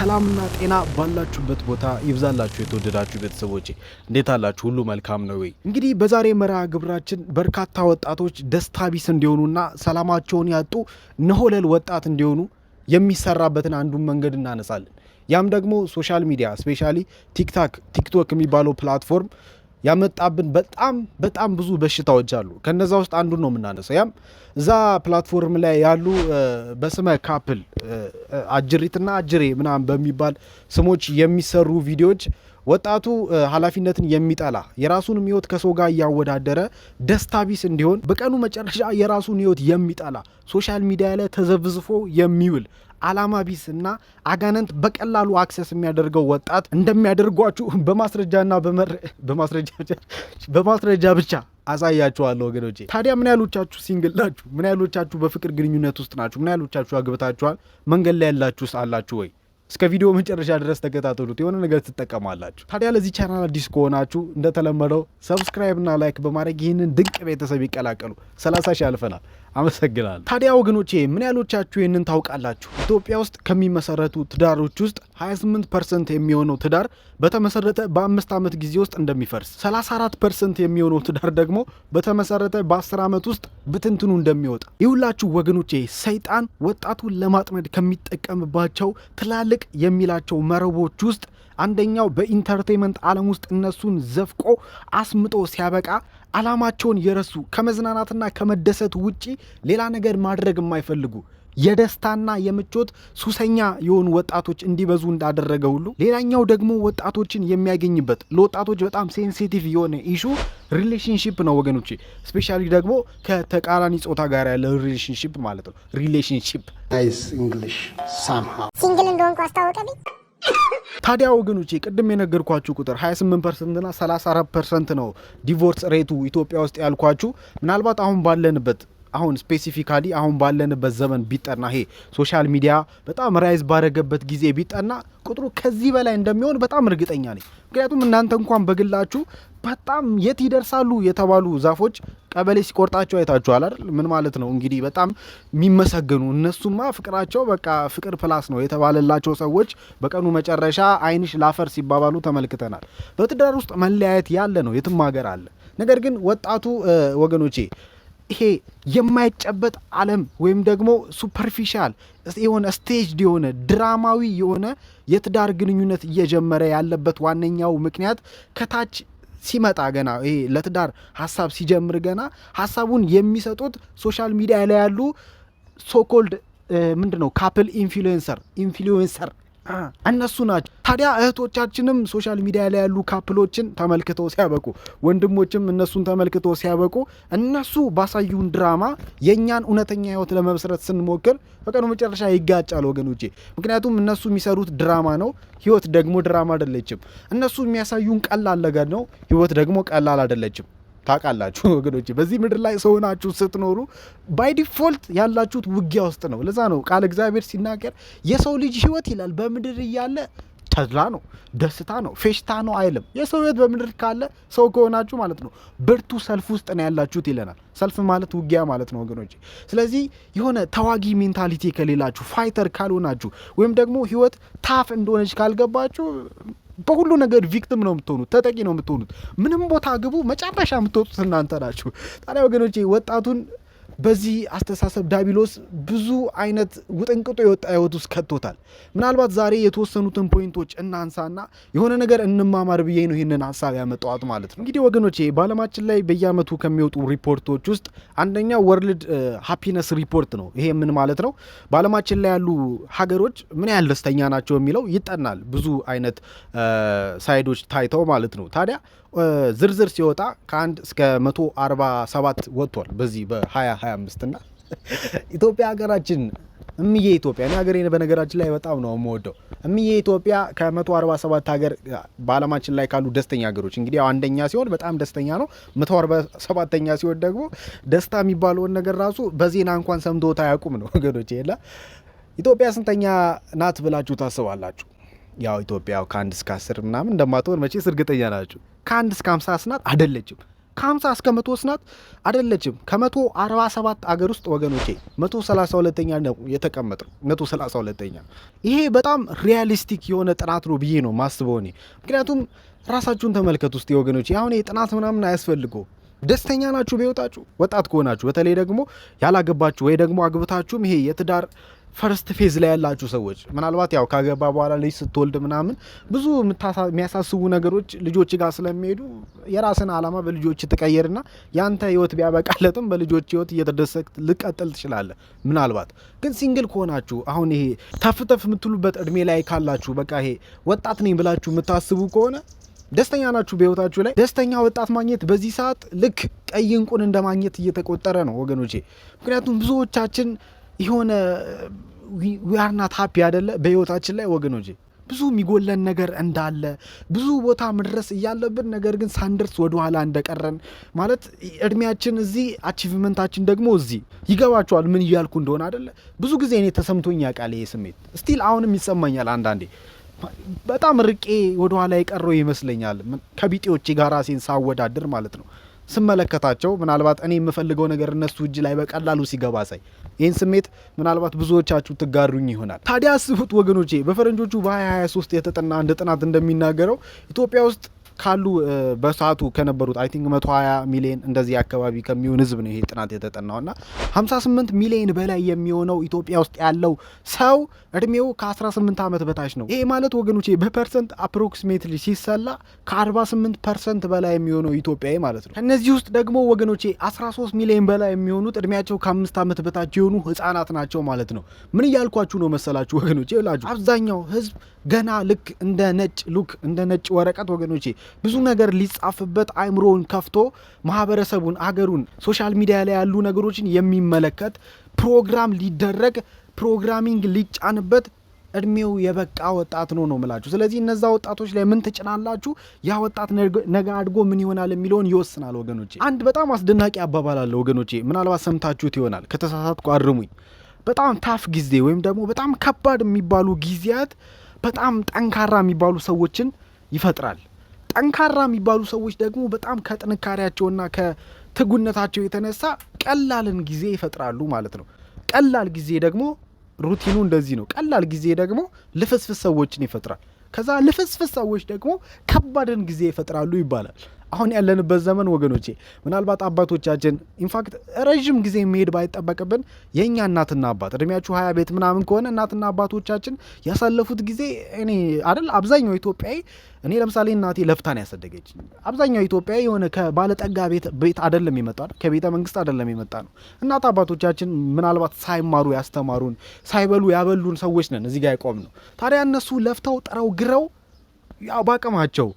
ሰላምና ጤና ባላችሁበት ቦታ ይብዛላችሁ። የተወደዳችሁ ቤተሰቦች እንዴት አላችሁ? ሁሉ መልካም ነው ወይ? እንግዲህ በዛሬ መርሃ ግብራችን በርካታ ወጣቶች ደስታ ቢስ እንዲሆኑና ሰላማቸውን ያጡ ነሆለል ወጣት እንዲሆኑ የሚሰራበትን አንዱን መንገድ እናነሳለን። ያም ደግሞ ሶሻል ሚዲያ ስፔሻሊ ቲክታክ ቲክቶክ የሚባለው ፕላትፎርም ያመጣብን በጣም በጣም ብዙ በሽታዎች አሉ። ከነዛ ውስጥ አንዱ ነው የምናነሳው። ያም እዛ ፕላትፎርም ላይ ያሉ በስመ ካፕል አጅሪትና አጅሬ ምናምን በሚባል ስሞች የሚሰሩ ቪዲዮዎች ወጣቱ ኃላፊነትን የሚጠላ የራሱን ህይወት ከሰው ጋር እያወዳደረ ደስታ ቢስ እንዲሆን በቀኑ መጨረሻ የራሱን ህይወት የሚጠላ ሶሻል ሚዲያ ላይ ተዘብዝፎ የሚውል አላማ ቢስ እና በቀላሉ አክሰስ የሚያደርገው ወጣት እንደሚያደርጓችሁ በማስረጃና በማስረጃ ብቻ አሳያችኋለሁ ወገኖቼ። ታዲያ ምን ያህሎቻችሁ ሲንግል ናችሁ? ምን ያህሎቻችሁ በፍቅር ግንኙነት ውስጥ ናችሁ? ምን ያህሎቻችሁ አግብታችኋል? መንገድ ላይ ያላችሁስ አላችሁ ወይ? እስከ ቪዲዮ መጨረሻ ድረስ ተከታተሉት፣ የሆነ ነገር ትጠቀማላችሁ። ታዲያ ለዚህ ቻናል አዲስ ከሆናችሁ እንደተለመደው ሰብስክራይብ ላይክ በማድረግ ይህንን ድንቅ ቤተሰብ ይቀላቀሉ። ሰላሳ ሺህ ያልፈናል። አመሰግናለሁ። ታዲያ ወገኖቼ ምን ያህሎቻችሁ ይህንን ታውቃላችሁ? ኢትዮጵያ ውስጥ ከሚመሰረቱ ትዳሮች ውስጥ 28 ፐርሰንት የሚሆነው ትዳር በተመሰረተ በአምስት ዓመት ጊዜ ውስጥ እንደሚፈርስ፣ 34 ፐርሰንት የሚሆነው ትዳር ደግሞ በተመሰረተ በ ዓመት ውስጥ ብትንትኑ እንደሚወጣ። ይሁላችሁ ወገኖቼ ሰይጣን ወጣቱን ለማጥመድ ከሚጠቀምባቸው ትላልቅ የሚላቸው መረቦች ውስጥ አንደኛው በኢንተርቴንመንት ዓለም ውስጥ እነሱን ዘፍቆ አስምጦ ሲያበቃ አላማቸውን የረሱ ከመዝናናትና ከመደሰት ውጪ ሌላ ነገር ማድረግ የማይፈልጉ የደስታና የምቾት ሱሰኛ የሆኑ ወጣቶች እንዲበዙ እንዳደረገ ሁሉ ሌላኛው ደግሞ ወጣቶችን የሚያገኝበት ለወጣቶች በጣም ሴንሲቲቭ የሆነ ኢሹ ሪሌሽንሽፕ ነው ወገኖች ስፔሻሊ ደግሞ ከተቃራኒ ጾታ ጋር ያለ ሪሌሽንሽፕ ማለት ነው። ሪሌሽንሽፕ ሲንግል እንደሆንኩ አስታወቀልኝ። ታዲያ ወገኖቼ ቅድም የነገርኳችሁ ቁጥር 28 ፐርሰንትና 34 ፐርሰንት ነው ዲቮርስ ሬቱ ኢትዮጵያ ውስጥ ያልኳችሁ። ምናልባት አሁን ባለንበት አሁን ስፔሲፊካሊ አሁን ባለንበት ዘመን ቢጠና ይሄ ሶሻል ሚዲያ በጣም ራይዝ ባረገበት ጊዜ ቢጠና ቁጥሩ ከዚህ በላይ እንደሚሆን በጣም እርግጠኛ ነኝ። ምክንያቱም እናንተ እንኳን በግላችሁ በጣም የት ይደርሳሉ የተባሉ ዛፎች ቀበሌ ሲቆርጣቸው አይታችኋል አይደል? ምን ማለት ነው እንግዲህ በጣም የሚመሰገኑ እነሱማ ፍቅራቸው በቃ ፍቅር ፕላስ ነው የተባለላቸው ሰዎች በቀኑ መጨረሻ አይንሽ ላፈር ሲባባሉ ተመልክተናል። በትዳር ውስጥ መለያየት ያለ ነው፣ የትም ሀገር አለ። ነገር ግን ወጣቱ ወገኖቼ ይሄ የማይጨበጥ ዓለም ወይም ደግሞ ሱፐርፊሻል የሆነ ስቴጅድ የሆነ ድራማዊ የሆነ የትዳር ግንኙነት እየጀመረ ያለበት ዋነኛው ምክንያት ከታች ሲመጣ ገና ይሄ ለትዳር ሀሳብ ሲጀምር ገና ሀሳቡን የሚሰጡት ሶሻል ሚዲያ ላይ ያሉ ሶኮልድ ምንድን ነው ካፕል ኢንፍሉዌንሰር ኢንፍሉዌንሰር እነሱ ናቸው። ታዲያ እህቶቻችንም ሶሻል ሚዲያ ላይ ያሉ ካፕሎችን ተመልክተው ሲያበቁ፣ ወንድሞችም እነሱን ተመልክተው ሲያበቁ እነሱ ባሳዩን ድራማ የእኛን እውነተኛ ህይወት ለመመስረት ስንሞክር በቀኑ መጨረሻ ይጋጫል ወገኖቼ። ምክንያቱም እነሱ የሚሰሩት ድራማ ነው፣ ህይወት ደግሞ ድራማ አይደለችም። እነሱ የሚያሳዩን ቀላል ነገር ነው፣ ህይወት ደግሞ ቀላል አይደለችም። ታውቃላችሁ ወገኖች፣ በዚህ ምድር ላይ ሰው ሆናችሁ ስትኖሩ ባይ ዲፎልት ያላችሁት ውጊያ ውስጥ ነው። ለዛ ነው ቃል እግዚአብሔር ሲናገር የሰው ልጅ ህይወት ይላል በምድር እያለ ተድላ ነው፣ ደስታ ነው፣ ፌሽታ ነው አይልም። የሰው ህይወት በምድር ካለ ሰው ከሆናችሁ ማለት ነው ብርቱ ሰልፍ ውስጥ ነው ያላችሁት ይለናል። ሰልፍ ማለት ውጊያ ማለት ነው ወገኖች። ስለዚህ የሆነ ተዋጊ ሜንታሊቲ ከሌላችሁ፣ ፋይተር ካልሆናችሁ፣ ወይም ደግሞ ህይወት ታፍ እንደሆነች ካልገባችሁ በሁሉ ነገር ቪክቲም ነው የምትሆኑት፣ ተጠቂ ነው የምትሆኑት። ምንም ቦታ ግቡ፣ መጨረሻ የምትወጡት እናንተ ናችሁ። ታዲያ ወገኖቼ ወጣቱን በዚህ አስተሳሰብ ዳቢሎስ ብዙ አይነት ውጥንቅጦ የወጣ ህይወት ውስጥ ከቶታል። ምናልባት ዛሬ የተወሰኑትን ፖይንቶች እናንሳና የሆነ ነገር እንማማር ብዬ ነው ይህንን ሀሳብ ያመጣዋት ማለት ነው። እንግዲህ ወገኖች በአለማችን ላይ በየአመቱ ከሚወጡ ሪፖርቶች ውስጥ አንደኛው ወርልድ ሀፒነስ ሪፖርት ነው። ይሄ ምን ማለት ነው? በአለማችን ላይ ያሉ ሀገሮች ምን ያህል ደስተኛ ናቸው የሚለው ይጠናል። ብዙ አይነት ሳይዶች ታይተው ማለት ነው። ታዲያ ዝርዝር ሲወጣ ከአንድ እስከ 147 ወጥቷል በዚህ በ2025 እና ኢትዮጵያ ሀገራችን እምዬ ኢትዮጵያ እኔ ሀገሬ በነገራችን ላይ በጣም ነው የምወደው። እምዬ ኢትዮጵያ ከ147 ሀገር በዓለማችን ላይ ካሉ ደስተኛ ሀገሮች እንግዲህ አንደኛ ሲሆን በጣም ደስተኛ ነው። 147ኛ ሲሆን ደግሞ ደስታ የሚባለውን ነገር ራሱ በዜና እንኳን ሰምቶት አያውቁም ነው ወገኖች። ኢትዮጵያ ስንተኛ ናት ብላችሁ ታስባላችሁ? ያው ኢትዮጵያ ከአንድ እስከ አስር ምናምን እንደማትሆን መቼስ እርግጠኛ ናችሁ። ከአንድ እስከ ሀምሳ ስናት አደለችም። ከሀምሳ እስከ መቶ ስናት አደለችም። ከመቶ አርባ ሰባት አገር ውስጥ ወገኖቼ መቶ ሰላሳ ሁለተኛ ነው የተቀመጠው። መቶ ሰላሳ ሁለተኛ ይሄ በጣም ሪያሊስቲክ የሆነ ጥናት ነው ብዬ ነው ማስበው እኔ። ምክንያቱም ራሳችሁን ተመልከት ውስጥ ወገኖቼ፣ አሁን የጥናት ምናምን አያስፈልጎ ደስተኛ ናችሁ በሕይወታችሁ? ወጣት ከሆናችሁ በተለይ ደግሞ ያላገባችሁ ወይ ደግሞ አግብታችሁም ይሄ የትዳር ፈርስት ፌዝ ላይ ያላችሁ ሰዎች ምናልባት ያው ካገባ በኋላ ልጅ ስትወልድ ምናምን ብዙ የሚያሳስቡ ነገሮች ልጆች ጋር ስለሚሄዱ የራስን ዓላማ በልጆች ትቀየርና ያንተ ህይወት ቢያበቃለትም በልጆች ህይወት እየተደሰት ልቀጥል ትችላለ ምናልባት ግን ሲንግል ከሆናችሁ አሁን ይሄ ተፍተፍ የምትሉበት እድሜ ላይ ካላችሁ በቃ ይሄ ወጣት ነኝ ብላችሁ የምታስቡ ከሆነ ደስተኛ ናችሁ በህይወታችሁ ላይ ደስተኛ ወጣት ማግኘት በዚህ ሰዓት ልክ ቀይ እንቁን እንደማግኘት እየተቆጠረ ነው ወገኖቼ። ምክንያቱም ብዙዎቻችን የሆነ ዊያርናት ሀፒ ያደለ በህይወታችን ላይ ወገኖች ብዙ የሚጎለን ነገር እንዳለ ብዙ ቦታ መድረስ እያለብን ነገር ግን ሳንደርስ ወደኋላ እንደቀረን ማለት እድሜያችን እዚህ አቺቭመንታችን ደግሞ እዚህ ይገባቸዋል ምን እያልኩ እንደሆነ አደለ ብዙ ጊዜ እኔ ተሰምቶኝ ያውቃል ይሄ ስሜት ስቲል አሁንም ይሰማኛል አንዳንዴ። በጣም ርቄ ወደኋላ የቀረው ይመስለኛል ከቢጤዎቼ ጋር ሴን ሳወዳድር ማለት ነው። ስመለከታቸው ምናልባት እኔ የምፈልገው ነገር እነሱ እጅ ላይ በቀላሉ ሲገባ ሳይ ይህን ስሜት ምናልባት ብዙዎቻችሁ ትጋሩኝ ይሆናል። ታዲያ አስቡት ወገኖቼ በፈረንጆቹ በ2023 የተጠና አንድ ጥናት እንደሚናገረው ኢትዮጵያ ውስጥ ካሉ በሰዓቱ ከነበሩት አይ ቲንክ 120 ሚሊዮን እንደዚህ አካባቢ ከሚሆን ህዝብ ነው ይሄ ጥናት የተጠናውና 58 ሚሊዮን በላይ የሚሆነው ኢትዮጵያ ውስጥ ያለው ሰው እድሜው ከ18 ዓመት በታች ነው። ይሄ ማለት ወገኖቼ በፐርሰንት አፕሮክሲሜትሊ ሲሰላ ከ48 ፐርሰንት በላይ የሚሆነው ኢትዮጵያዊ ማለት ነው። ከእነዚህ ውስጥ ደግሞ ወገኖቼ 13 ሚሊዮን በላይ የሚሆኑት እድሜያቸው ከአምስት ዓመት በታች የሆኑ ህጻናት ናቸው ማለት ነው። ምን እያልኳችሁ ነው መሰላችሁ ወገኖቼ? ላችሁ አብዛኛው ህዝብ ገና ልክ እንደ ነጭ ሉክ እንደ ነጭ ወረቀት ወገኖቼ ብዙ ነገር ሊጻፍበት አይምሮውን ከፍቶ ማህበረሰቡን፣ አገሩን፣ ሶሻል ሚዲያ ላይ ያሉ ነገሮችን የሚመለከት ፕሮግራም ሊደረግ ፕሮግራሚንግ ሊጫንበት እድሜው የበቃ ወጣት ነው ነው ምላችሁ። ስለዚህ እነዛ ወጣቶች ላይ ምን ትጭናላችሁ? ያ ወጣት ነገ አድጎ ምን ይሆናል የሚለውን ይወስናል ወገኖቼ። አንድ በጣም አስደናቂ አባባል አለ ወገኖቼ፣ ምናልባት ሰምታችሁት ይሆናል። ከተሳሳትኩ አርሙኝ። በጣም ታፍ ጊዜ ወይም ደግሞ በጣም ከባድ የሚባሉ ጊዜያት በጣም ጠንካራ የሚባሉ ሰዎችን ይፈጥራል። ጠንካራ የሚባሉ ሰዎች ደግሞ በጣም ከጥንካሬያቸውና ከትጉነታቸው የተነሳ ቀላልን ጊዜ ይፈጥራሉ ማለት ነው። ቀላል ጊዜ ደግሞ ሩቲኑ እንደዚህ ነው። ቀላል ጊዜ ደግሞ ልፍስፍስ ሰዎችን ይፈጥራል። ከዛ ልፍስፍስ ሰዎች ደግሞ ከባድን ጊዜ ይፈጥራሉ ይባላል። አሁን ያለንበት ዘመን ወገኖቼ ምናልባት አባቶቻችን ኢንፋክት ረዥም ጊዜ መሄድ ባይጠበቅብን የእኛ እናትና አባት እድሜያችሁ ሀያ ቤት ምናምን ከሆነ እናትና አባቶቻችን ያሳለፉት ጊዜ እኔ አይደል አብዛኛው ኢትዮጵያዊ እኔ ለምሳሌ እናቴ ለፍታን ያሰደገች አብዛኛው ኢትዮጵያዊ የሆነ ከባለጠጋ ቤት ቤት አይደለም የመጣ ከቤተ መንግስት አይደለም የመጣ ነው። እናት አባቶቻችን ምናልባት ሳይማሩ ያስተማሩን ሳይበሉ ያበሉን ሰዎች ነን እዚህ ጋር የቆም ነው። ታዲያ እነሱ ለፍተው ጥረው ግረው ያው ባቅማቸው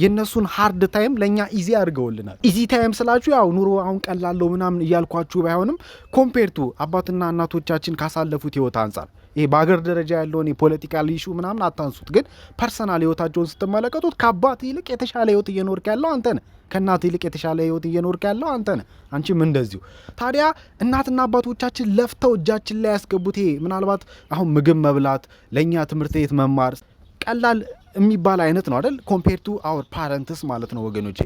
የእነሱን ሀርድ ታይም ለእኛ ኢዚ አድርገውልናል። ኢዚ ታይም ስላችሁ ያው ኑሮ አሁን ቀላለው ምናምን እያልኳችሁ ባይሆንም ኮምፔርቱ አባትና እናቶቻችን ካሳለፉት ህይወት አንጻር ይሄ በሀገር ደረጃ ያለውን የፖለቲካል ኢሹ ምናምን አታንሱት፣ ግን ፐርሰናል ህይወታቸውን ስትመለከቱት ከአባት ይልቅ የተሻለ ህይወት እየኖርክ ያለው አንተ ነህ። ከእናት ይልቅ የተሻለ ህይወት እየኖርክ ያለው አንተ ነህ። አንቺም እንደዚሁ። ታዲያ እናትና አባቶቻችን ለፍተው እጃችን ላይ ያስገቡት ይሄ ምናልባት አሁን ምግብ መብላት፣ ለእኛ ትምህርት ቤት መማር ቀላል የሚባል አይነት ነው አይደል? ኮምፔር ቱ አወር ፓረንትስ ማለት ነው ወገኖቼ።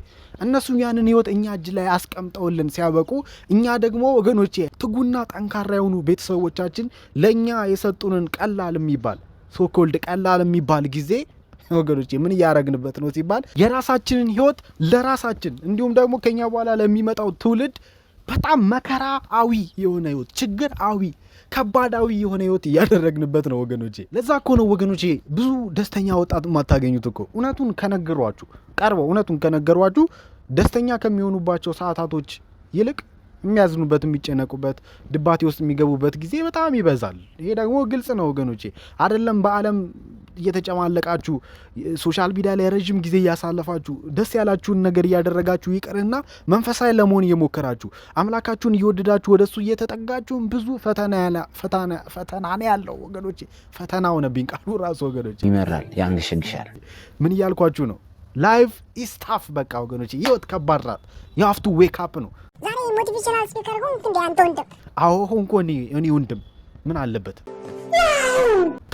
እነሱ ያንን ህይወት እኛ እጅ ላይ አስቀምጠውልን ሲያበቁ፣ እኛ ደግሞ ወገኖቼ ትጉና ጠንካራ የሆኑ ቤተሰቦቻችን ለእኛ የሰጡንን ቀላል የሚባል ሶኮልድ ቀላል የሚባል ጊዜ ወገኖቼ ምን እያረግንበት ነው ሲባል የራሳችንን ህይወት ለራሳችን እንዲሁም ደግሞ ከኛ በኋላ ለሚመጣው ትውልድ በጣም መከራዊ የሆነ ህይወት፣ ችግር አዊ ከባዳዊ የሆነ ህይወት እያደረግንበት ነው ወገኖቼ። ለዛ እኮ ነው ወገኖቼ ብዙ ደስተኛ ወጣት የማታገኙት እኮ። እውነቱን ከነገሯችሁ ቀርበው እውነቱን ከነገሯችሁ ደስተኛ ከሚሆኑባቸው ሰዓታቶች ይልቅ የሚያዝኑበት የሚጨነቁበት ድባቴ ውስጥ የሚገቡበት ጊዜ በጣም ይበዛል። ይሄ ደግሞ ግልጽ ነው ወገኖቼ። አይደለም በዓለም እየተጨማለቃችሁ ሶሻል ሚዲያ ላይ ረዥም ጊዜ እያሳለፋችሁ ደስ ያላችሁን ነገር እያደረጋችሁ ይቅርና መንፈሳዊ ለመሆን እየሞከራችሁ አምላካችሁን እየወደዳችሁ ወደ እሱ እየተጠጋችሁ ብዙ ፈተና ነው ያለው ወገኖቼ። ፈተና ሆነብኝ ቃሉ ራሱ ወገኖቼ፣ ይመራል፣ ያንገሸግሻል። ምን እያልኳችሁ ነው? ላይፍ ኢስታፍ በቃ ወገኖች፣ ህይወት ከባድ ናት። የሀፍቱ ዌክ አፕ ነው። ዛሬ ሞቲቬሽናል ስፒከር ሆንክ እንዴ አንተ ወንድም? አዎ ሆንኩ እኔ ወንድም ምን አለበት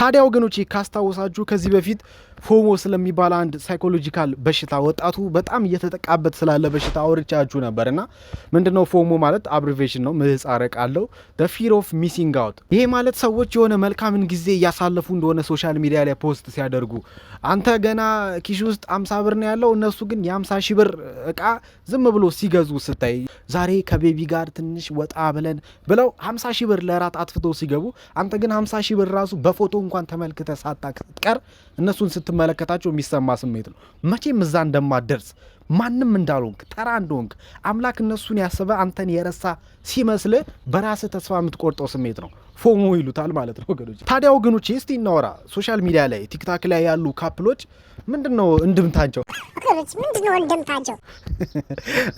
ታዲያ ወገኖቼ ካስታወሳችሁ ከዚህ በፊት ፎሞ ስለሚባል አንድ ሳይኮሎጂካል በሽታ ወጣቱ በጣም እየተጠቃበት ስላለ በሽታ አውርቻችሁ ነበር እና ምንድነው ፎሞ ማለት አብሪቬሽን ነው፣ ምህጻረ ቃል ፊር ኦፍ ሚሲንግ አውት። ይሄ ማለት ሰዎች የሆነ መልካምን ጊዜ እያሳለፉ እንደሆነ ሶሻል ሚዲያ ላይ ፖስት ሲያደርጉ አንተ ገና ኪሽ ውስጥ አምሳ ብር ነው ያለው፣ እነሱ ግን የአምሳ ሺ ብር እቃ ዝም ብሎ ሲገዙ ስታይ ዛሬ ከቤቢ ጋር ትንሽ ወጣ ብለን ብለው ሀምሳ ሺ ብር ለራት አጥፍቶ ሲገቡ አንተ ግን ሀምሳ ሺ ብር ራሱ በፎቶ እንኳን ተመልክተ ሳታቀር እነሱን ስትመለከታቸው የሚሰማ ስሜት ነው። መቼም እዛ እንደማደርስ ማንም እንዳልሆንክ ተራ እንደሆንክ አምላክ እነሱን ያሰበ አንተን የረሳ ሲመስል በራስህ ተስፋ የምትቆርጠው ስሜት ነው። ፎሞ ይሉታል ማለት ነው ወገኖች። ታዲያ ወገኖች እስቲ እናወራ። ሶሻል ሚዲያ ላይ ቲክታክ ላይ ያሉ ካፕሎች ምንድን ነው እንድምታቸው? ምንድን ነው እንድምታቸው?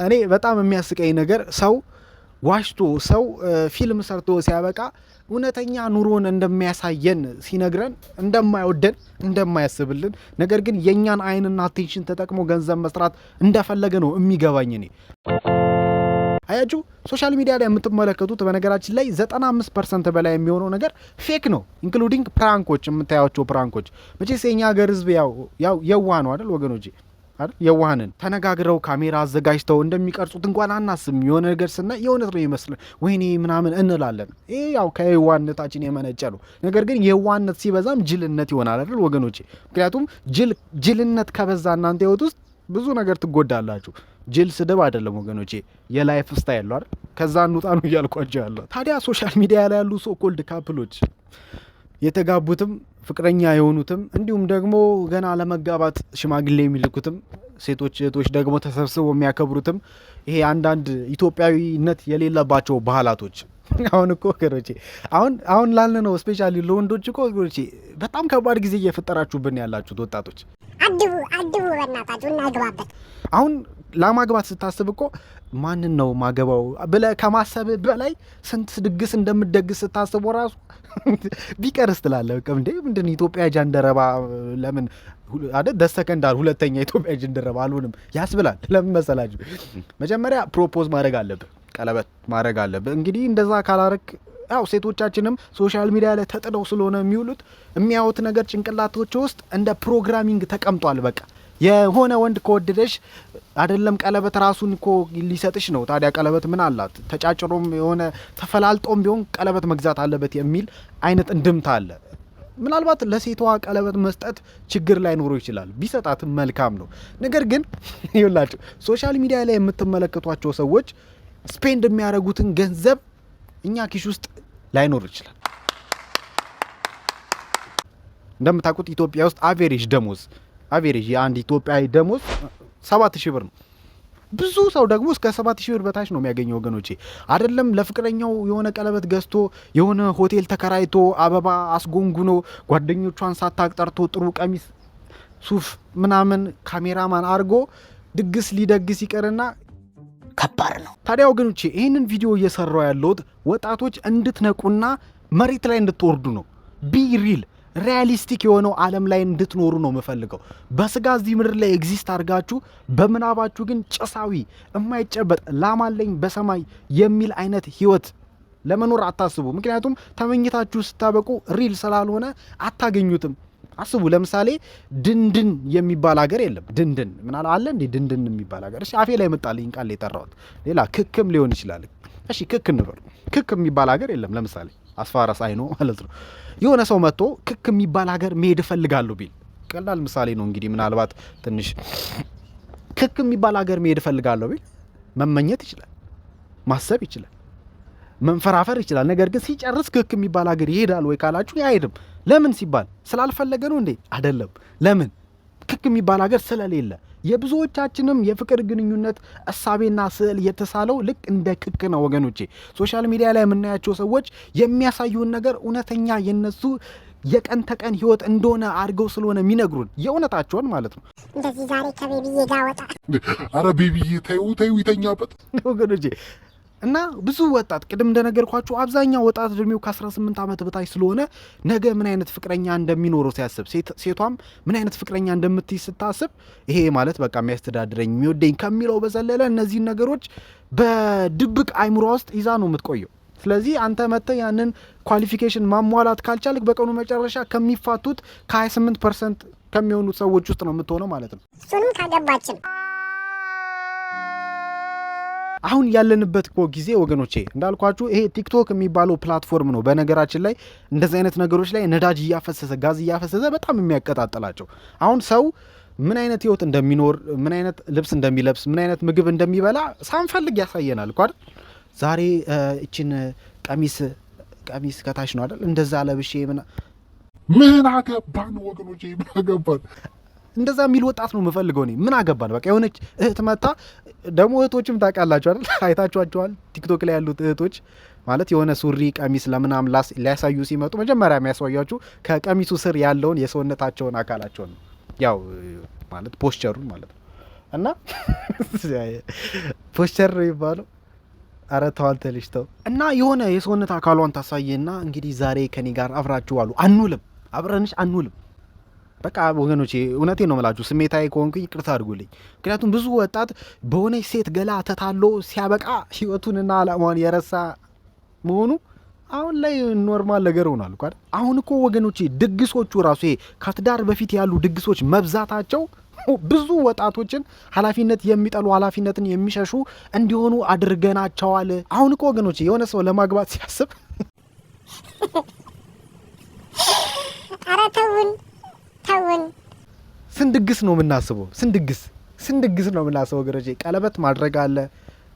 እኔ በጣም የሚያስቀኝ ነገር ሰው ዋሽቶ ሰው ፊልም ሰርቶ ሲያበቃ እውነተኛ ኑሮን እንደሚያሳየን ሲነግረን እንደማይወደን እንደማያስብልን፣ ነገር ግን የእኛን አይንና አቴንሽን ተጠቅሞ ገንዘብ መስራት እንደፈለገ ነው የሚገባኝ እኔ። አያችሁ ሶሻል ሚዲያ ላይ የምትመለከቱት በነገራችን ላይ 95 ፐርሰንት በላይ የሚሆነው ነገር ፌክ ነው፣ ኢንክሉዲንግ ፕራንኮች፣ የምታያቸው ፕራንኮች። መቼስ የእኛ ሀገር ህዝብ ያው የዋህ ነው አይደል ወገኖቼ የዋህንን ተነጋግረው ካሜራ አዘጋጅተው እንደሚቀርጹት እንኳን አናስብም። የሆነ ነገር ስናይ የእውነት ነው ይመስል ወይኔ ምናምን እንላለን። ይህ ያው ከየዋህነታችን የመነጨ ነው። ነገር ግን የዋህነት ሲበዛም ጅልነት ይሆናል አይደል ወገኖቼ? ምክንያቱም ጅልነት ከበዛ እናንተ ህይወት ውስጥ ብዙ ነገር ትጎዳላችሁ። ጅል ስድብ አይደለም ወገኖቼ፣ የላይፍ ስታይል ነው አይደል? ከዛ እንውጣ ነው እያልኳቸው ያለ ታዲያ ሶሻል ሚዲያ ላይ ያሉ ሶኮልድ ካፕሎች የተጋቡትም ፍቅረኛ የሆኑትም እንዲሁም ደግሞ ገና ለመጋባት ሽማግሌ የሚልኩትም ሴቶች እህቶች ደግሞ ተሰብስበው የሚያከብሩትም ይሄ አንዳንድ ኢትዮጵያዊነት የሌለባቸው ባህላቶች አሁን እኮ ወገኖቼ አሁን አሁን ላልን ነው ስፔሻሊ ለወንዶች እኮ ወገኖቼ በጣም ከባድ ጊዜ እየፈጠራችሁብን ያላችሁት ወጣቶች አድቡ አድቡ በእናታችሁ እናግባበት አሁን ለማግባት ስታስብ እኮ ማንን ነው ማገባው ብለ ከማሰብ በላይ ስንት ድግስ እንደምደግስ ስታስቡ ራሱ ቢቀርስ ትላለህ። ቅም እንዴ ምንድን ኢትዮጵያ ጃንደረባ ለምን አደ ደሰከ እንዳል ሁለተኛ ኢትዮጵያ ጃንደረባ አልሆንም ያስብላል። ለምን መሰላችሁ? መጀመሪያ ፕሮፖዝ ማድረግ አለብ፣ ቀለበት ማድረግ አለብ። እንግዲህ እንደዛ ካላረክ ያው ሴቶቻችንም ሶሻል ሚዲያ ላይ ተጥደው ስለሆነ የሚውሉት የሚያዩት ነገር ጭንቅላቶች ውስጥ እንደ ፕሮግራሚንግ ተቀምጧል በቃ የሆነ ወንድ ከወደደሽ አይደለም ቀለበት ራሱን እኮ ሊሰጥሽ ነው። ታዲያ ቀለበት ምን አላት? ተጫጭሮም የሆነ ተፈላልጦም ቢሆን ቀለበት መግዛት አለበት የሚል አይነት እንድምታ አለ። ምናልባት ለሴቷ ቀለበት መስጠት ችግር ኖሮ ይችላል። ቢሰጣትም መልካም ነው። ነገር ግን ይላቸው ሶሻል ሚዲያ ላይ የምትመለከቷቸው ሰዎች ስፔንድ የሚያደርጉትን ገንዘብ እኛ ኪሽ ውስጥ ላይኖር ይችላል። እንደምታውቁት ኢትዮጵያ ውስጥ አቬሬጅ ደሞዝ አቬሬጅ የአንድ ኢትዮጵያዊ ደሞዝ ሰባት ሺህ ብር ነው። ብዙ ሰው ደግሞ እስከ ሰባት ሺህ ብር በታች ነው የሚያገኘው ወገኖቼ። አይደለም ለፍቅረኛው የሆነ ቀለበት ገዝቶ የሆነ ሆቴል ተከራይቶ አበባ አስጎንጉኖ ጓደኞቿን ሳታቅ ጠርቶ ጥሩ ቀሚስ፣ ሱፍ ምናምን ካሜራማን አድርጎ ድግስ ሊደግስ ይቀርና ከባድ ነው። ታዲያ ወገኖቼ ይህንን ቪዲዮ እየሰራው ያለሁት ወጣቶች እንድትነቁና መሬት ላይ እንድትወርዱ ነው። ቢ ሪል ሪያሊስቲክ የሆነው ዓለም ላይ እንድትኖሩ ነው የምፈልገው። በስጋ እዚህ ምድር ላይ ኤግዚስት አድርጋችሁ በምናባችሁ ግን ጭሳዊ የማይጨበጥ ላማለኝ በሰማይ የሚል አይነት ህይወት ለመኖር አታስቡ። ምክንያቱም ተመኝታችሁ ስታበቁ ሪል ስላልሆነ አታገኙትም። አስቡ። ለምሳሌ ድንድን የሚባል ሀገር የለም። ድንድን ምናል አለ እንዴ? ድንድን የሚባል ሀገር እሺ፣ አፌ ላይ መጣልኝ ቃል የጠራሁት ሌላ ክክም ሊሆን ይችላል። እሺ፣ ክክ እንበሉ። ክክ የሚባል ሀገር የለም ለምሳሌ አስፋራስ አይኖ ማለት ነው። የሆነ ሰው መጥቶ ክክ የሚባል ሀገር መሄድ እፈልጋለሁ ቢል፣ ቀላል ምሳሌ ነው እንግዲህ ምናልባት ትንሽ ክክ የሚባል ሀገር መሄድ እፈልጋለሁ ቢል መመኘት ይችላል፣ ማሰብ ይችላል፣ መንፈራፈር ይችላል። ነገር ግን ሲጨርስ ክክ የሚባል ሀገር ይሄዳል ወይ ካላችሁ አይሄድም። ለምን ሲባል ስላልፈለገ ነው እንዴ? አይደለም። ለምን ክክ የሚባል ሀገር ስለሌለ የብዙዎቻችንም የፍቅር ግንኙነት እሳቤና ስዕል የተሳለው ልክ እንደ ክክ ነው ወገኖቼ። ሶሻል ሚዲያ ላይ የምናያቸው ሰዎች የሚያሳዩን ነገር እውነተኛ የነሱ የቀን ተቀን ህይወት እንደሆነ አድርገው ስለሆነ የሚነግሩን የእውነታቸውን ማለት ነው። እንደዚህ ዛሬ ከቤቢዬ ጋር ወጣ። አረ ቤቢዬ ተይው ተይው፣ ይተኛበት ወገኖቼ እና ብዙ ወጣት ቅድም እንደነገርኳችሁ አብዛኛው ወጣት እድሜው ከ18 ዓመት በታች ስለሆነ ነገ ምን አይነት ፍቅረኛ እንደሚኖረው ሲያስብ፣ ሴቷም ምን አይነት ፍቅረኛ እንደምትይ ስታስብ ይሄ ማለት በቃ የሚያስተዳድረኝ የሚወደኝ ከሚለው በዘለለ እነዚህን ነገሮች በድብቅ አይምሮ ውስጥ ይዛ ነው የምትቆየው። ስለዚህ አንተ መጥተህ ያንን ኳሊፊኬሽን ማሟላት ካልቻልክ በቀኑ መጨረሻ ከሚፋቱት ከ28 ፐርሰንት ከሚሆኑት ሰዎች ውስጥ ነው የምትሆነው ማለት ነው። እሱንም ካገባችን አሁን ያለንበት እኮ ጊዜ ወገኖቼ እንዳልኳችሁ ይሄ ቲክቶክ የሚባለው ፕላትፎርም ነው። በነገራችን ላይ እንደዚህ አይነት ነገሮች ላይ ነዳጅ እያፈሰሰ ጋዝ እያፈሰሰ በጣም የሚያቀጣጥላቸው አሁን ሰው ምን አይነት ህይወት እንደሚኖር ምን አይነት ልብስ እንደሚለብስ ምን አይነት ምግብ እንደሚበላ ሳንፈልግ ያሳየናል እኮ አይደል? ዛሬ እችን ቀሚስ ቀሚስ ከታች ነው አይደል? እንደዛ ለብሼ ምን አገባን ወገኖቼ፣ ምን አገባን እንደዛ የሚል ወጣት ነው የምፈልገው። እኔ ምን አገባን? በቃ የሆነች እህት መታ። ደግሞ እህቶችም ታውቃላችሁ አይደል? አይታችኋቸዋል ቲክቶክ ላይ ያሉት እህቶች ማለት የሆነ ሱሪ ቀሚስ ለምናም ሊያሳዩ ሲመጡ መጀመሪያ የሚያሳያችሁ ከቀሚሱ ስር ያለውን የሰውነታቸውን አካላቸውን ነው። ያው ማለት ፖስቸሩን ማለት ነው። እና ፖስቸር ነው የሚባለው አረ ተዋል እና የሆነ የሰውነት አካሏን ታሳየና እንግዲህ ዛሬ ከኔ ጋር አብራችሁ አሉ አንውልም፣ አብረንሽ አንውልም በቃ ወገኖች እውነቴ ነው የምላችሁ፣ ስሜታዊ ከሆንኩ ይቅርታ አድርጉልኝ። ምክንያቱም ብዙ ወጣት በሆነች ሴት ገላ ተታሎ ሲያበቃ ህይወቱንና አላማውን የረሳ መሆኑ አሁን ላይ ኖርማል ነገር ሆኗል እኮ አሁን እኮ ወገኖች ድግሶቹ ራሱ ከትዳር በፊት ያሉ ድግሶች መብዛታቸው ብዙ ወጣቶችን ኃላፊነት የሚጠሉ ኃላፊነትን የሚሸሹ እንዲሆኑ አድርገናቸዋል። አሁን እኮ ወገኖች የሆነ ሰው ለማግባት ሲያስብ አረተውን ተውን። ስንድግስ ነው የምናስበው፣ ስንድግስ ስንድግስ ነው የምናስበው። ገረጄ ቀለበት ማድረግ አለ።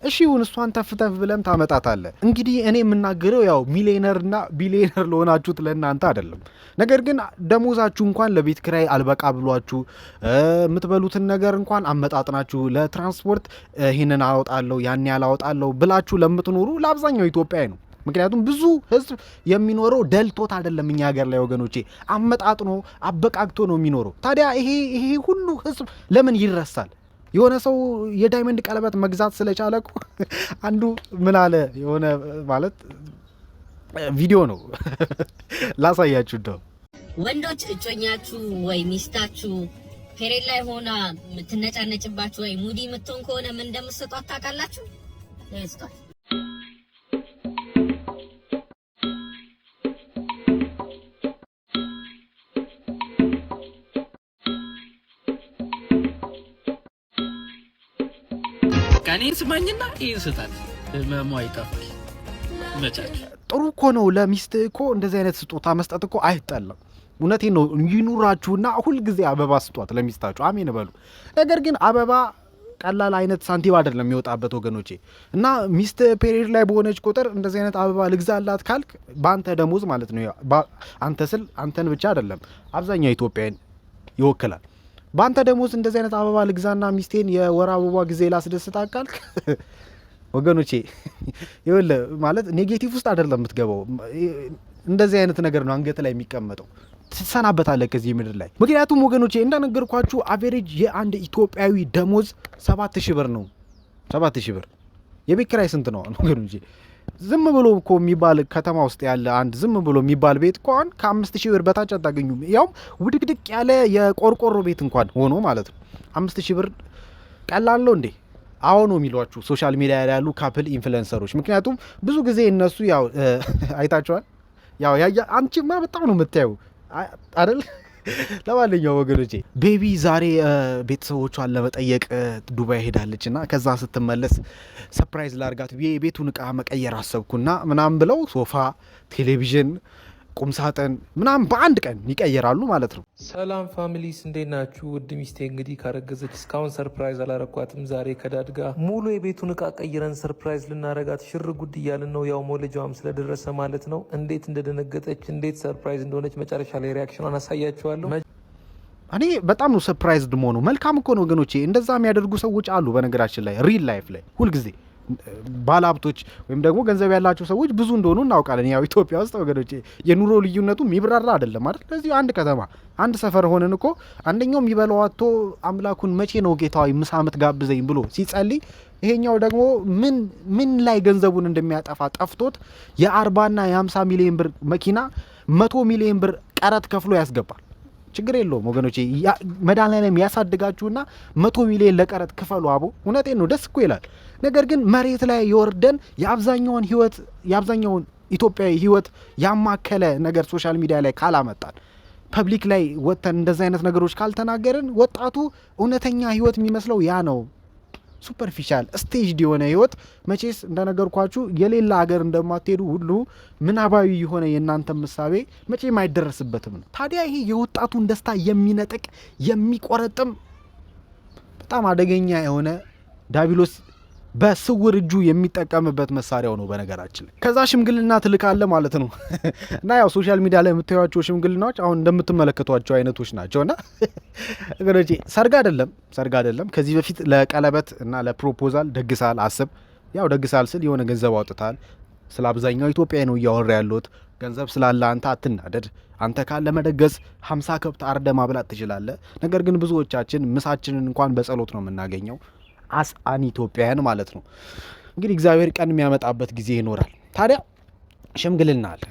እሺ ይሁን፣ እሷን ተፍተፍ ብለም ታመጣት አለ። እንግዲህ እኔ የምናገረው ያው ሚሊዮነርና ቢሊዮነር ለሆናችሁት ለእናንተ አይደለም። ነገር ግን ደሞዛችሁ እንኳን ለቤት ክራይ አልበቃ ብሏችሁ የምትበሉትን ነገር እንኳን አመጣጥናችሁ ለትራንስፖርት ይህንን አወጣለሁ ያን ያላወጣለሁ ብላችሁ ለምትኖሩ ለአብዛኛው ኢትዮጵያዊ ነው ምክንያቱም ብዙ ህዝብ የሚኖረው ደልቶት አይደለም። እኛ ሀገር ላይ ወገኖቼ አመጣጥኖ አበቃግቶ ነው የሚኖረው። ታዲያ ይሄ ይሄ ሁሉ ህዝብ ለምን ይረሳል? የሆነ ሰው የዳይመንድ ቀለበት መግዛት ስለቻለ እኮ አንዱ ምን አለ የሆነ ማለት ቪዲዮ ነው ላሳያችሁ። ደ ወንዶች እጮኛችሁ ወይ ሚስታችሁ ፔሬድ ላይ ሆና የምትነጫነጭባችሁ ወይ ሙዲ የምትሆን ከሆነ ምን እንደምትሰጧት ታውቃላችሁ? ስጧት እኔ ስማኝና ይህን ስጣል መሟ ይጠፋል። መቻች ጥሩ እኮ ነው። ለሚስት እኮ እንደዚህ አይነት ስጦታ መስጠት እኮ አይጠላም። እውነቴ ነው። ይኑራችሁና ሁልጊዜ አበባ ስጧት ለሚስታችሁ። አሜን በሉ። ነገር ግን አበባ ቀላል አይነት ሳንቲም አይደለም የሚወጣበት ወገኖቼ። እና ሚስት ፔሪድ ላይ በሆነች ቁጥር እንደዚህ አይነት አበባ ልግዛላት ካልክ በአንተ ደሞዝ ማለት ነው። አንተ ስል አንተን ብቻ አይደለም አብዛኛው ኢትዮጵያን ይወክላል። በአንተ ደሞዝ እንደዚህ አይነት አበባ ልግዛና ሚስቴን የወር አበባ ጊዜ ላስደስት አቃልክ? ወገኖቼ ይወለ ማለት ኔጌቲቭ ውስጥ አይደለም የምትገባው። እንደዚህ አይነት ነገር ነው አንገት ላይ የሚቀመጠው። ትሰናበታለህ ከዚህ ምድር ላይ። ምክንያቱም ወገኖቼ እንደነገርኳችሁ አቬሬጅ የአንድ ኢትዮጵያዊ ደሞዝ ሰባት ሺህ ብር ነው። ሰባት ሺህ ብር የቤት ኪራይ ስንት ነው ወገኖቼ? ዝም ብሎ እኮ የሚባል ከተማ ውስጥ ያለ አንድ ዝም ብሎ የሚባል ቤት እንኳን ከአምስት ሺህ ብር በታች አታገኙም። ያውም ውድቅድቅ ያለ የቆርቆሮ ቤት እንኳን ሆኖ ማለት ነው። አምስት ሺህ ብር ቀላል ነው እንዴ? አዎ ነው የሚሏችሁ ሶሻል ሚዲያ ላይ ያሉ ካፕል ኢንፍሉንሰሮች። ምክንያቱም ብዙ ጊዜ እነሱ ያው አይታችኋል፣ ያው አንቺማ በጣም ነው የምታየው አይደል ለማንኛውም ወገኖቼ ቤቢ ዛሬ ቤተሰቦቿን ለመጠየቅ ዱባይ ሄዳለች እና ከዛ ስትመለስ ሰፕራይዝ ላርጋት የቤቱን እቃ መቀየር አሰብኩና ምናምን ብለው ሶፋ፣ ቴሌቪዥን ቁም ሳጥን ምናምን በአንድ ቀን ይቀየራሉ ማለት ነው። ሰላም ፋሚሊስ እንዴት ናችሁ? ውድ ሚስቴ እንግዲህ ካረገዘች እስካሁን ሰርፕራይዝ አላረኳትም። ዛሬ ከዳድ ሙሉ የቤቱን እቃ ቀይረን ሰርፕራይዝ ልናረጋት ሽር ጉድ እያልን ነው። ያው መውለጃዋም ስለደረሰ ማለት ነው። እንዴት እንደደነገጠች እንዴት ሰርፕራይዝ እንደሆነች መጨረሻ ላይ ሪያክሽኗን አሳያችኋለሁ። እኔ በጣም ነው ሰርፕራይዝድ መሆኑ። መልካም እኮ ነው ወገኖቼ፣ እንደዛ የሚያደርጉ ሰዎች አሉ። በነገራችን ላይ ሪል ላይፍ ላይ ሁልጊዜ ባለሀብቶች ወይም ደግሞ ገንዘብ ያላቸው ሰዎች ብዙ እንደሆኑ እናውቃለን። ያው ኢትዮጵያ ውስጥ ወገኖች የኑሮ ልዩነቱ የሚብራራ አይደለም አይደል? ለዚሁ አንድ ከተማ አንድ ሰፈር ሆነን እኮ አንደኛው የሚበላው አምላኩን መቼ ነው ጌታዊ ምሳ ጋብዘኝ ብሎ ሲጸልይ ይሄኛው ደግሞ ምን ምን ላይ ገንዘቡን እንደሚያጠፋ ጠፍቶት የአርባና የሀምሳ ሚሊዮን ብር መኪና መቶ ሚሊዮን ብር ቀረት ከፍሎ ያስገባል። ችግር የለውም ወገኖች መድኃኒዓለም ያሳድጋችሁና መቶ ሚሊዮን ለቀረጥ ክፈሉ። አቦ እውነቴ ነው፣ ደስ እኮ ይላል። ነገር ግን መሬት ላይ የወርደን የአብዛኛውን ህይወት የአብዛኛውን ኢትዮጵያዊ ህይወት ያማከለ ነገር ሶሻል ሚዲያ ላይ ካላመጣን ፐብሊክ ላይ ወጥተን እንደዚህ አይነት ነገሮች ካልተናገርን ወጣቱ እውነተኛ ህይወት የሚመስለው ያ ነው። ሱፐርፊሻል ስቴጅድ የሆነ ህይወት መቼስ እንደነገርኳችሁ የሌላ ሀገር እንደማትሄዱ ሁሉ ምናባዊ የሆነ የእናንተ ምሳቤ መቼም አይደረስበትም ነው። ታዲያ ይሄ የወጣቱን ደስታ የሚነጥቅ የሚቆረጥም በጣም አደገኛ የሆነ ዳቢሎስ በስውር እጁ የሚጠቀምበት መሳሪያው ነው። በነገራችን ላይ ከዛ ሽምግልና ትልካለ ማለት ነው እና ያው ሶሻል ሚዲያ ላይ የምታዩቸው ሽምግልናዎች አሁን እንደምትመለከቷቸው አይነቶች ናቸው። እና ሰርግ አይደለም ሰርግ አይደለም። ከዚህ በፊት ለቀለበት እና ለፕሮፖዛል ደግሳል። አስብ ያው ደግሳል ስል የሆነ ገንዘብ አውጥታል። ስለ አብዛኛው ኢትዮጵያ ነው እያወራ ያለሁት። ገንዘብ ስላለ አንተ አትናደድ። አንተ ካለ ለመደገስ ሀምሳ ከብት አርደ ማብላት ትችላለህ። ነገር ግን ብዙዎቻችን ምሳችንን እንኳን በጸሎት ነው የምናገኘው። አስ አን ኢትዮጵያውያን ማለት ነው። እንግዲህ እግዚአብሔር ቀን የሚያመጣበት ጊዜ ይኖራል። ታዲያ ሽምግልና አለ።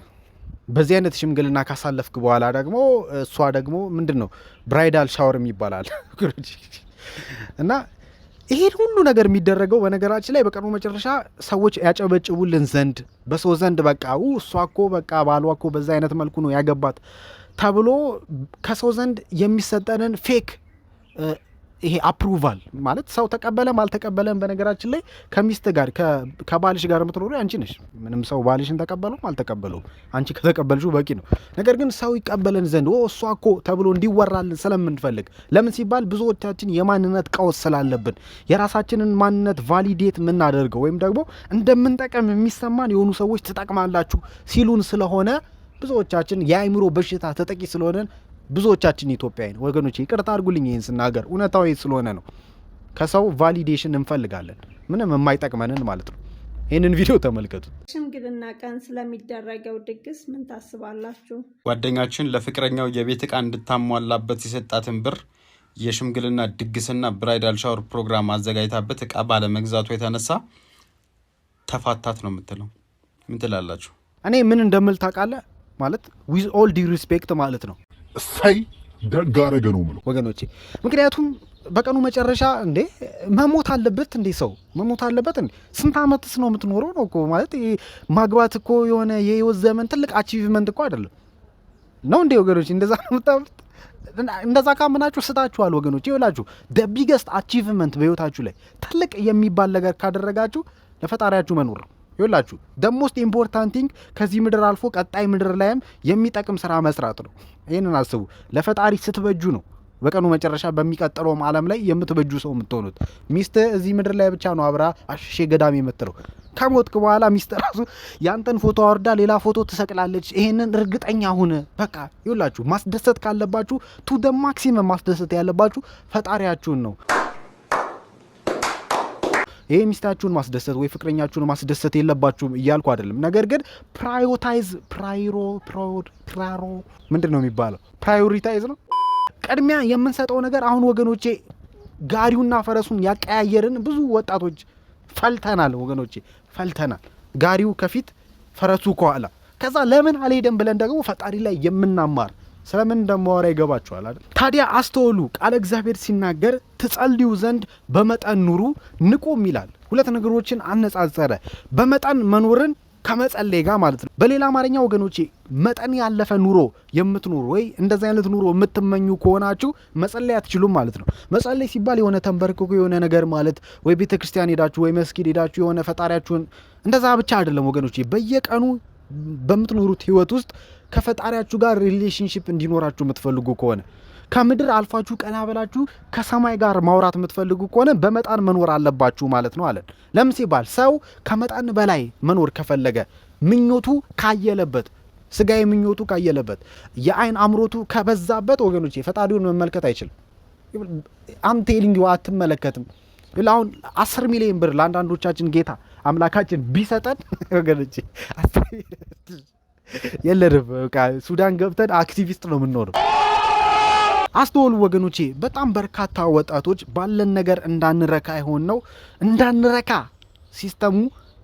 በዚህ አይነት ሽምግልና ካሳለፍክ በኋላ ደግሞ እሷ ደግሞ ምንድን ነው ብራይዳል ሻወርም ይባላል እና ይሄን ሁሉ ነገር የሚደረገው በነገራችን ላይ በቀኑ መጨረሻ ሰዎች ያጨበጭቡልን ዘንድ በሰው ዘንድ በቃ እሷ ኮ በቃ ባሏ ኮ በዛ አይነት መልኩ ነው ያገባት ተብሎ ከሰው ዘንድ የሚሰጠንን ፌክ ይሄ አፕሩቫል ማለት ሰው ተቀበለም አልተቀበለም፣ በነገራችን ላይ ከሚስት ጋር ከባልሽ ጋር የምትኖሩ አንቺ ነሽ። ምንም ሰው ባልሽን ተቀበለውም አልተቀበለውም አንቺ ከተቀበልሽው በቂ ነው። ነገር ግን ሰው ይቀበለን ዘንድ እሷ እኮ ተብሎ እንዲወራልን ስለምንፈልግ፣ ለምን ሲባል ብዙዎቻችን የማንነት ቀውስ ስላለብን የራሳችንን ማንነት ቫሊዴት የምናደርገው ወይም ደግሞ እንደምንጠቀም የሚሰማን የሆኑ ሰዎች ትጠቅማላችሁ ሲሉን ስለሆነ ብዙዎቻችን የአይምሮ በሽታ ተጠቂ ስለሆነን ብዙዎቻችን ኢትዮጵያውያን ወገኖች ይቅርታ አድርጉልኝ፣ ይህን ስናገር እውነታዊ ስለሆነ ነው። ከሰው ቫሊዴሽን እንፈልጋለን፣ ምንም የማይጠቅመንን ማለት ነው። ይህንን ቪዲዮ ተመልከቱት። ሽምግልና ቀን ስለሚደረገው ድግስ ምን ታስባላችሁ? ጓደኛችን ለፍቅረኛው የቤት ዕቃ እንድታሟላበት የሰጣትን ብር የሽምግልና ድግስና ብራይዳል ሻወር ፕሮግራም አዘጋጅታበት እቃ ባለመግዛቱ የተነሳ ተፋታት ነው የምትለው። ምን ትላላችሁ? እኔ ምን እንደምል ታውቃለህ? ማለት ዊዝ ኦል ዲ ሪስፔክት ማለት ነው እሰይ ደግ አረገ ነው ምለው ወገኖቼ። ምክንያቱም በቀኑ መጨረሻ እንዴ መሞት አለበት እንዴ ሰው መሞት አለበት እንዴ? ስንት አመትስ ነው የምትኖረው? ነው እኮ ማለት ማግባት እኮ የሆነ የህይወት ዘመን ትልቅ አቺቭመንት እኮ አይደለም ነው እንዴ ወገኖች? እንደዛ እንደዛ ካምናችሁ ስታችኋል ወገኖች። ይኸውላችሁ ደቢገስት አቺቭመንት በህይወታችሁ ላይ ትልቅ የሚባል ነገር ካደረጋችሁ ለፈጣሪያችሁ መኖር ነው። ይላችሁ ደሞስት ኢምፖርታንቲንግ ከዚህ ምድር አልፎ ቀጣይ ምድር ላይም የሚጠቅም ስራ መስራት ነው። ይህንን አስቡ። ለፈጣሪ ስትበጁ ነው በቀኑ መጨረሻ በሚቀጥለውም ዓለም ላይ የምትበጁ ሰው የምትሆኑት። ሚስት እዚህ ምድር ላይ ብቻ ነው አብራ አሸሼ ገዳም የምትለው። ከሞትክ በኋላ ሚስት ራሱ ያንተን ፎቶ አወርዳ ሌላ ፎቶ ትሰቅላለች። ይሄንን እርግጠኛ ሁን። በቃ ይላችሁ ማስደሰት ካለባችሁ ቱ ደ ማክሲመም ማስደሰት ያለባችሁ ፈጣሪያችሁን ነው። ይሄ ሚስታችሁን ማስደሰት ወይ ፍቅረኛችሁን ማስደሰት የለባችሁም እያልኩ አይደለም። ነገር ግን ፕራዮታይዝ ፕራይሮ ፕራሮ ምንድን ነው የሚባለው? ፕራዮሪታይዝ ነው ቅድሚያ የምንሰጠው ነገር። አሁን ወገኖቼ ጋሪውና ፈረሱን ያቀያየርን ብዙ ወጣቶች ፈልተናል። ወገኖቼ ፈልተናል። ጋሪው ከፊት ፈረሱ ከኋላ። ከዛ ለምን አልሄደም ብለን ደግሞ ፈጣሪ ላይ የምናማር ስለምን እንደማወራ ይገባችኋል አይደል? ታዲያ አስተውሉ። ቃለ እግዚአብሔር ሲናገር ትጸልዩ ዘንድ በመጠን ኑሩ ንቁም ይላል። ሁለት ነገሮችን አነጻጸረ። በመጠን መኖርን ከመጸለይ ጋር ማለት ነው። በሌላ አማርኛ ወገኖቼ መጠን ያለፈ ኑሮ የምትኖሩ ወይ እንደዚህ አይነት ኑሮ የምትመኙ ከሆናችሁ መጸለይ አትችሉም ማለት ነው። መጸለይ ሲባል የሆነ ተንበርክኮ የሆነ ነገር ማለት ወይ ቤተ ክርስቲያን ሄዳችሁ ወይ መስጊድ ሄዳችሁ የሆነ ፈጣሪያችሁን እንደዛ ብቻ አይደለም ወገኖቼ። በየቀኑ በምትኖሩት ህይወት ውስጥ ከፈጣሪያችሁ ጋር ሪሌሽንሽፕ እንዲኖራችሁ የምትፈልጉ ከሆነ ከምድር አልፋችሁ ቀና ብላችሁ ከሰማይ ጋር ማውራት የምትፈልጉ ከሆነ በመጣን መኖር አለባችሁ ማለት ነው አለን። ለምሴ ባል ሰው ከመጣን በላይ መኖር ከፈለገ ምኞቱ ካየለበት፣ ስጋዊ ምኞቱ ካየለበት፣ የአይን አምሮቱ ከበዛበት ወገኖች ፈጣሪውን መመልከት አይችልም። አምቴሊንግ አትመለከትም። አሁን አስር ሚሊዮን ብር ለአንዳንዶቻችን ጌታ አምላካችን ቢሰጠን ወገኖች የለንም። በቃ ሱዳን ገብተን አክቲቪስት ነው የምንሆነው። አስተውሉ ወገኖቼ፣ በጣም በርካታ ወጣቶች ባለን ነገር እንዳንረካ ይሆን ነው እንዳንረካ ሲስተሙ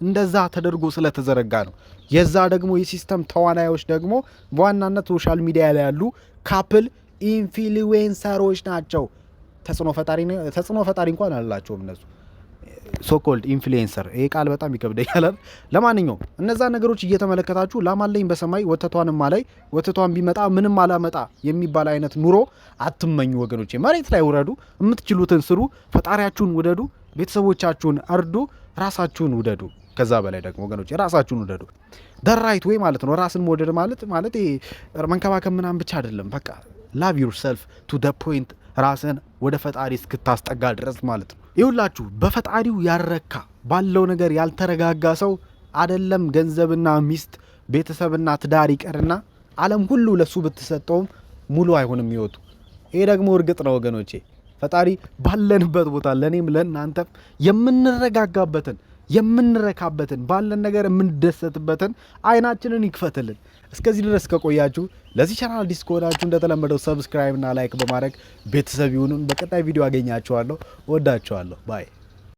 እንደዛ ተደርጎ ስለተዘረጋ ነው። የዛ ደግሞ የሲስተም ተዋናዮች ደግሞ በዋናነት ሶሻል ሚዲያ ላይ ያሉ ካፕል ኢንፍሉዌንሰሮች ናቸው። ተጽዕኖ ፈጣሪ እንኳን አላቸውም እነሱ ሶኮልድ ኢንፍሉዌንሰር ይሄ ቃል በጣም ይከብደኛል። ለማንኛውም እነዛ ነገሮች እየተመለከታችሁ ላማለኝ በሰማይ ወተቷንማ ላይ ወተቷን ቢመጣ ምንም አላመጣ የሚባል አይነት ኑሮ አትመኙ ወገኖቼ። መሬት ላይ ውረዱ፣ የምትችሉትን ስሩ፣ ፈጣሪያችሁን ውደዱ፣ ቤተሰቦቻችሁን እርዱ፣ ራሳችሁን ውደዱ። ከዛ በላይ ደግሞ ወገኖች ራሳችሁን ውደዱ። ደራይት ወይ ማለት ነው ራስን መውደድ ማለት ማለት መንከባከብ ምናምን ብቻ አይደለም። በቃ ላቭ ዩር ሰልፍ ቱ ደ ፖይንት ራስን ወደ ፈጣሪ እስክታስጠጋ ድረስ ማለት ነው። ይሁላችሁ በፈጣሪው ያረካ ባለው ነገር ያልተረጋጋ ሰው አደለም ገንዘብና ሚስት ቤተሰብና ትዳር ይቀርና ዓለም ሁሉ ለሱ ብትሰጠውም ሙሉ አይሆንም ይወቱ። ይሄ ደግሞ እርግጥ ነው ወገኖቼ። ፈጣሪ ባለንበት ቦታ ለእኔም ለእናንተም የምንረጋጋበትን የምንረካበትን ባለን ነገር የምንደሰትበትን አይናችንን ይክፈትልን። እስከዚህ ድረስ ከቆያችሁ ለዚህ ቻናል አዲስ ከሆናችሁ እንደተለመደው ሰብስክራይብ እና ላይክ በማድረግ ቤተሰብ ይሁኑን። በቀጣይ ቪዲዮ አገኛችኋለሁ። ወዳችኋለሁ። ባይ